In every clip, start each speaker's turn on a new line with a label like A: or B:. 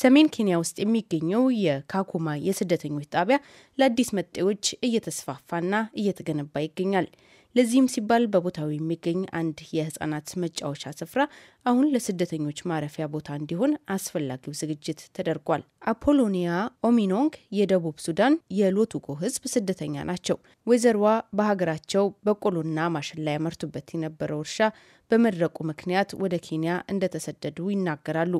A: ሰሜን ኬንያ ውስጥ የሚገኘው የካኩማ የስደተኞች ጣቢያ ለአዲስ መጤዎች እየተስፋፋና እየተገነባ ይገኛል። ለዚህም ሲባል በቦታው የሚገኝ አንድ የህጻናት መጫወቻ ስፍራ አሁን ለስደተኞች ማረፊያ ቦታ እንዲሆን አስፈላጊው ዝግጅት ተደርጓል። አፖሎኒያ ኦሚኖንግ የደቡብ ሱዳን የሎቱኮ ህዝብ ስደተኛ ናቸው። ወይዘሮዋ በሀገራቸው በቆሎና ማሽላ ያመርቱበት የነበረው እርሻ በመድረቁ ምክንያት ወደ ኬንያ እንደተሰደዱ ይናገራሉ።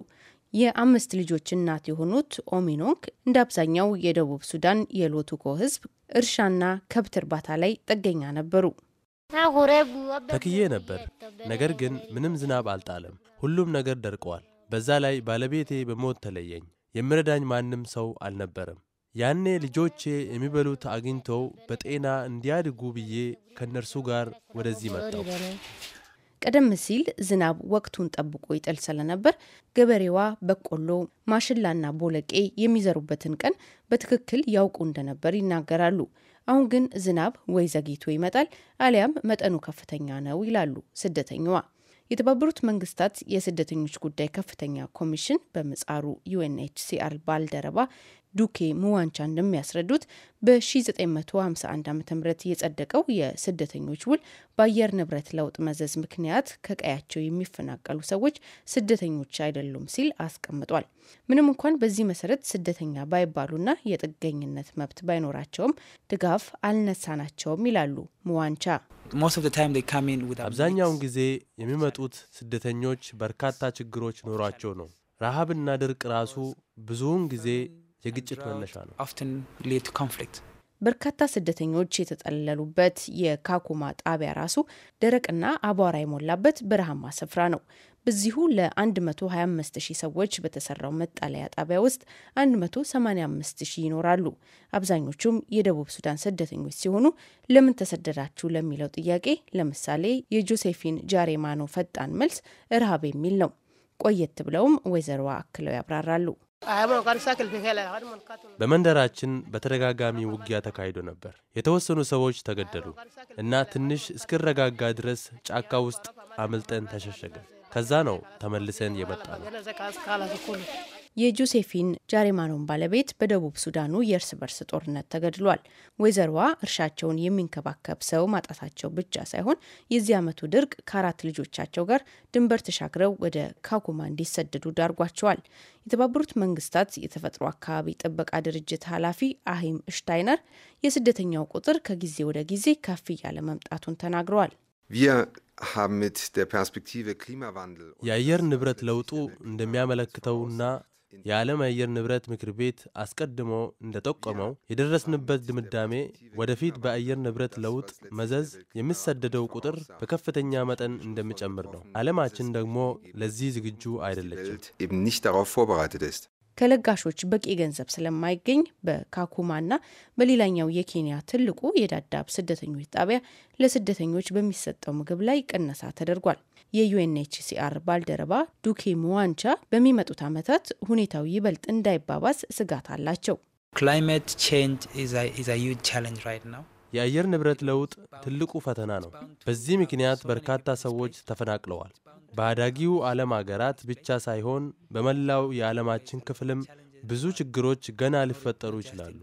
A: የአምስት ልጆች እናት የሆኑት ኦሚኖንክ እንደ አብዛኛው የደቡብ ሱዳን የሎቱኮ ህዝብ እርሻና ከብት እርባታ ላይ ጥገኛ ነበሩ።
B: ተክዬ ነበር፣ ነገር ግን ምንም ዝናብ አልጣለም። ሁሉም ነገር ደርቀዋል። በዛ ላይ ባለቤቴ በሞት ተለየኝ። የምረዳኝ ማንም ሰው አልነበረም። ያኔ ልጆቼ የሚበሉት አግኝተው በጤና እንዲያድጉ ብዬ ከእነርሱ ጋር ወደዚህ መጣው።
A: ቀደም ሲል ዝናብ ወቅቱን ጠብቆ ይጥል ስለነበር ገበሬዋ በቆሎ፣ ማሽላና ቦለቄ የሚዘሩበትን ቀን በትክክል ያውቁ እንደነበር ይናገራሉ። አሁን ግን ዝናብ ወይ ዘግይቶ ይመጣል አሊያም መጠኑ ከፍተኛ ነው ይላሉ ስደተኛዋ። የተባበሩት መንግስታት የስደተኞች ጉዳይ ከፍተኛ ኮሚሽን በምጻሩ ዩኤንኤችሲአር ባልደረባ ዱኬ ሙዋንቻ እንደሚያስረዱት በ1951 ዓ ም የጸደቀው የስደተኞች ውል በአየር ንብረት ለውጥ መዘዝ ምክንያት ከቀያቸው የሚፈናቀሉ ሰዎች ስደተኞች አይደሉም ሲል አስቀምጧል። ምንም እንኳን በዚህ መሰረት ስደተኛ ባይባሉና የጥገኝነት መብት ባይኖራቸውም ድጋፍ አልነሳናቸውም ይላሉ ሙዋንቻ።
B: አብዛኛውን ጊዜ የሚመጡት ስደተኞች በርካታ ችግሮች ኖሯቸው ነው። ረሃብና ድርቅ ራሱ ብዙውን ጊዜ የግጭት መነሻ ነው።
A: በርካታ ስደተኞች የተጠለሉበት የካኩማ ጣቢያ ራሱ ደረቅና አቧራ የሞላበት በረሃማ ስፍራ ነው። በዚሁ ለ 125000 ሺህ ሰዎች በተሰራው መጠለያ ጣቢያ ውስጥ 185000 ይኖራሉ። አብዛኞቹም የደቡብ ሱዳን ስደተኞች ሲሆኑ ለምን ተሰደዳችሁ ለሚለው ጥያቄ ለምሳሌ የጆሴፊን ጃሬማኖ ፈጣን መልስ ረሃብ የሚል ነው። ቆየት ብለውም ወይዘሮዋ አክለው ያብራራሉ።
B: በመንደራችን በተደጋጋሚ ውጊያ ተካሂዶ ነበር። የተወሰኑ ሰዎች ተገደሉ እና ትንሽ እስክረጋጋ ድረስ ጫካ ውስጥ አምልጠን ተሸሸገ። ከዛ ነው ተመልሰን የመጣ
A: ነው። የጆሴፊን ጃሬማኖን ባለቤት በደቡብ ሱዳኑ የእርስ በርስ ጦርነት ተገድሏል። ወይዘሮዋ እርሻቸውን የሚንከባከብ ሰው ማጣታቸው ብቻ ሳይሆን የዚህ ዓመቱ ድርቅ ከአራት ልጆቻቸው ጋር ድንበር ተሻግረው ወደ ካኩማ እንዲሰደዱ ዳርጓቸዋል። የተባበሩት መንግስታት የተፈጥሮ አካባቢ ጥበቃ ድርጅት ኃላፊ አሂም ሽታይነር የስደተኛው ቁጥር ከጊዜ ወደ ጊዜ ከፍ እያለ መምጣቱን ተናግረዋል።
B: የአየር ንብረት ለውጡ እንደሚያመለክተውና የዓለም አየር ንብረት ምክር ቤት አስቀድሞ እንደጠቆመው የደረስንበት ድምዳሜ ወደፊት በአየር ንብረት ለውጥ መዘዝ የሚሰደደው ቁጥር በከፍተኛ መጠን እንደሚጨምር ነው። ዓለማችን ደግሞ ለዚህ ዝግጁ አይደለችም።
A: ከለጋሾች በቂ ገንዘብ ስለማይገኝ በካኩማና በሌላኛው የኬንያ ትልቁ የዳዳብ ስደተኞች ጣቢያ ለስደተኞች በሚሰጠው ምግብ ላይ ቅነሳ ተደርጓል። የዩኤንኤችሲአር ባልደረባ ዱኬ ሙዋንቻ በሚመጡት ዓመታት ሁኔታው ይበልጥ እንዳይባባስ ስጋት አላቸው።
B: የአየር ንብረት ለውጥ ትልቁ ፈተና ነው። በዚህ ምክንያት በርካታ ሰዎች ተፈናቅለዋል። በአዳጊው ዓለም አገራት ብቻ ሳይሆን በመላው የዓለማችን ክፍልም ብዙ ችግሮች ገና ሊፈጠሩ ይችላሉ።